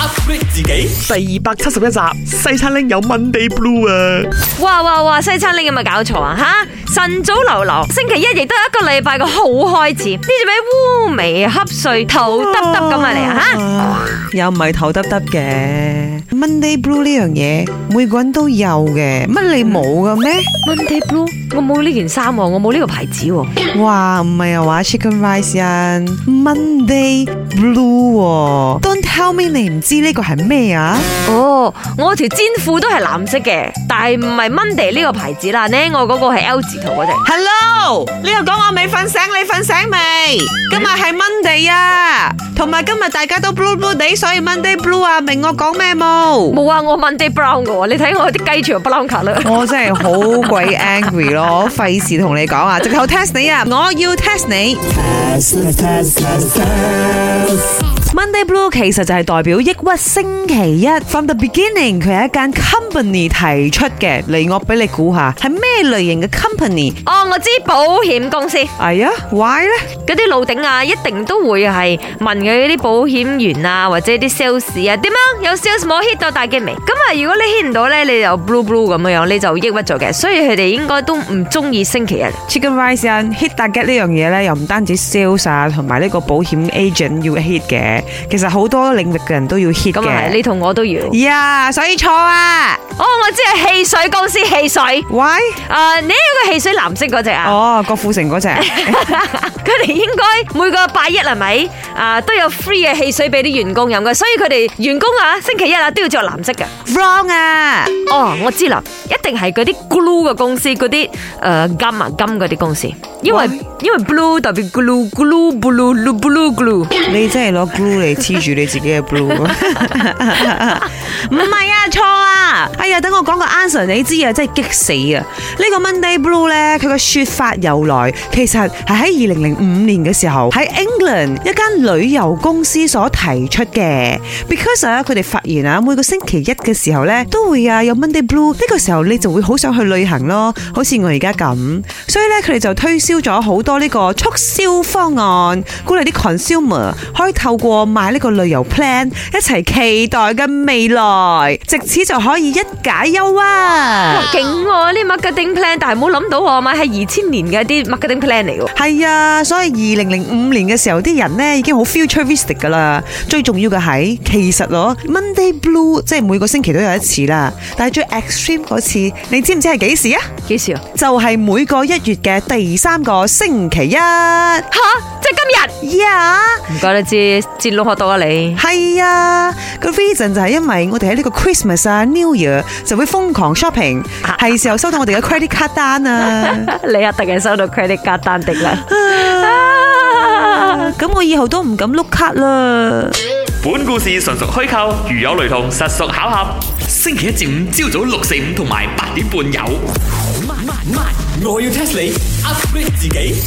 update 自己第二百七十一集西餐廳有 Monday Blue 啊！哇哇哇！西餐廳有咪搞錯啊？吓、啊、晨早流流，星期一亦都係一個禮拜嘅好開始，呢隻咩烏眉瞌睡頭耷耷咁嚟啊？吓、啊啊、又唔係頭耷耷嘅 Monday Blue 呢樣嘢，每個人都有嘅，乜你冇嘅咩？Monday Blue，我冇呢件衫，我冇呢個牌子。哇，唔係啊話 Chicken Rice Monday Blue 啊 Monday Blue，Don't tell me 你唔知。知呢、oh, 個係咩啊？哦，我條尖褲都係藍色嘅，但係唔係 Monday 呢個牌子啦。呢我嗰個係 L 字圖嗰隻。Hello，你又講我未瞓醒，你瞓醒未？今日係 Monday 啊，同埋今日大家都 blue blue 哋所以 Monday blue 啊，明我講咩冇？冇啊，我 Monday brown 嘅，你睇我啲雞腸 brown 㗎啦。 我真係好鬼 angry 咯，費事同你講啊，直頭 test 你啊，我要 test 你。Monday Blue 其實就係代表抑鬱星期一。From the beginning，佢係一間 company 提出嘅。嚟，我俾你估下，係咩類型嘅 company？哦，我知保險公司。Oh, 公司哎呀 why 咧？嗰啲老頂啊，一定都會係問佢啲保險員啊，或者啲 sales 啊，點樣有 sales 冇 hit 到大吉未？咁如果你 hit 唔到呢，你就 blue blue 咁樣，你就抑鬱咗嘅。所以佢哋應該都唔中意星期一。Chicken rice 啊，hit 大吉呢樣嘢咧，又唔單止 sales 啊，同埋呢個保險 agent 要 hit 嘅。其實好多領域嘅人都要 hit 嘅，你同我都要。呀，所以錯啊！哦，我知係汽水公司汽水。喂？誒，你有個汽水藍色嗰隻啊？哦，郭富城嗰隻。佢哋應該每個拜一係咪？啊，都有 free 嘅汽水俾啲員工飲嘅，所以佢哋員工啊，星期一啊都要着藍色嘅。Wrong 啊！哦，我知啦，一定係嗰啲 blue 嘅公司，嗰啲誒金啊金嗰啲公司，因為因為 blue 特別 blue，blue blue blue blue，你真係攞 blue。你黐住你自己嘅 blue。唔係啊，錯啊，哎呀，等我講個 answer，你知啊，真係激死啊，呢個 Monday blue 咧。佢嘅說法由來，其實係喺二零零五年嘅時候，喺 England 一間旅遊公司所提出嘅。Because 佢哋發現啊，每個星期一嘅時候咧，都會啊有 Monday Blue，呢個時候你就會好想去旅行咯，好似我而家咁。所以咧，佢哋就推銷咗好多呢個促銷方案，鼓勵啲 consumer 可以透過買呢個旅遊 plan 一齊期待嘅未來，藉此就可以一解憂啊！勁喎，呢 marketing plan，但係冇諗到。同埋係二千年嘅一啲 marketing plan 嚟喎，係啊，所以二零零五年嘅時候，啲人呢已經好 futuristic 噶啦。最重要嘅係，其實囉 Monday Blue 即係每個星期都有一次啦，但係最 extreme 嗰次，你知唔知係幾時啊？幾時啊？就係每個一月嘅第三個星期一。吓！今日，yeah，呀，唔怪得知知老學到啊？你係啊，個 reason 就係因為我哋喺呢個 Christmas 啊 New Year 就會瘋狂 shopping，係，啊、時候收到我哋嘅 credit card 單啊。 你啊，突然收到 credit card 單的啦， 啊，咁我以後都唔敢碌卡啦。本故事純屬虛構，如有雷同，實屬巧合。星期一至五朝早六四五同埋八點半有。我要 test 你 upgrade 自己。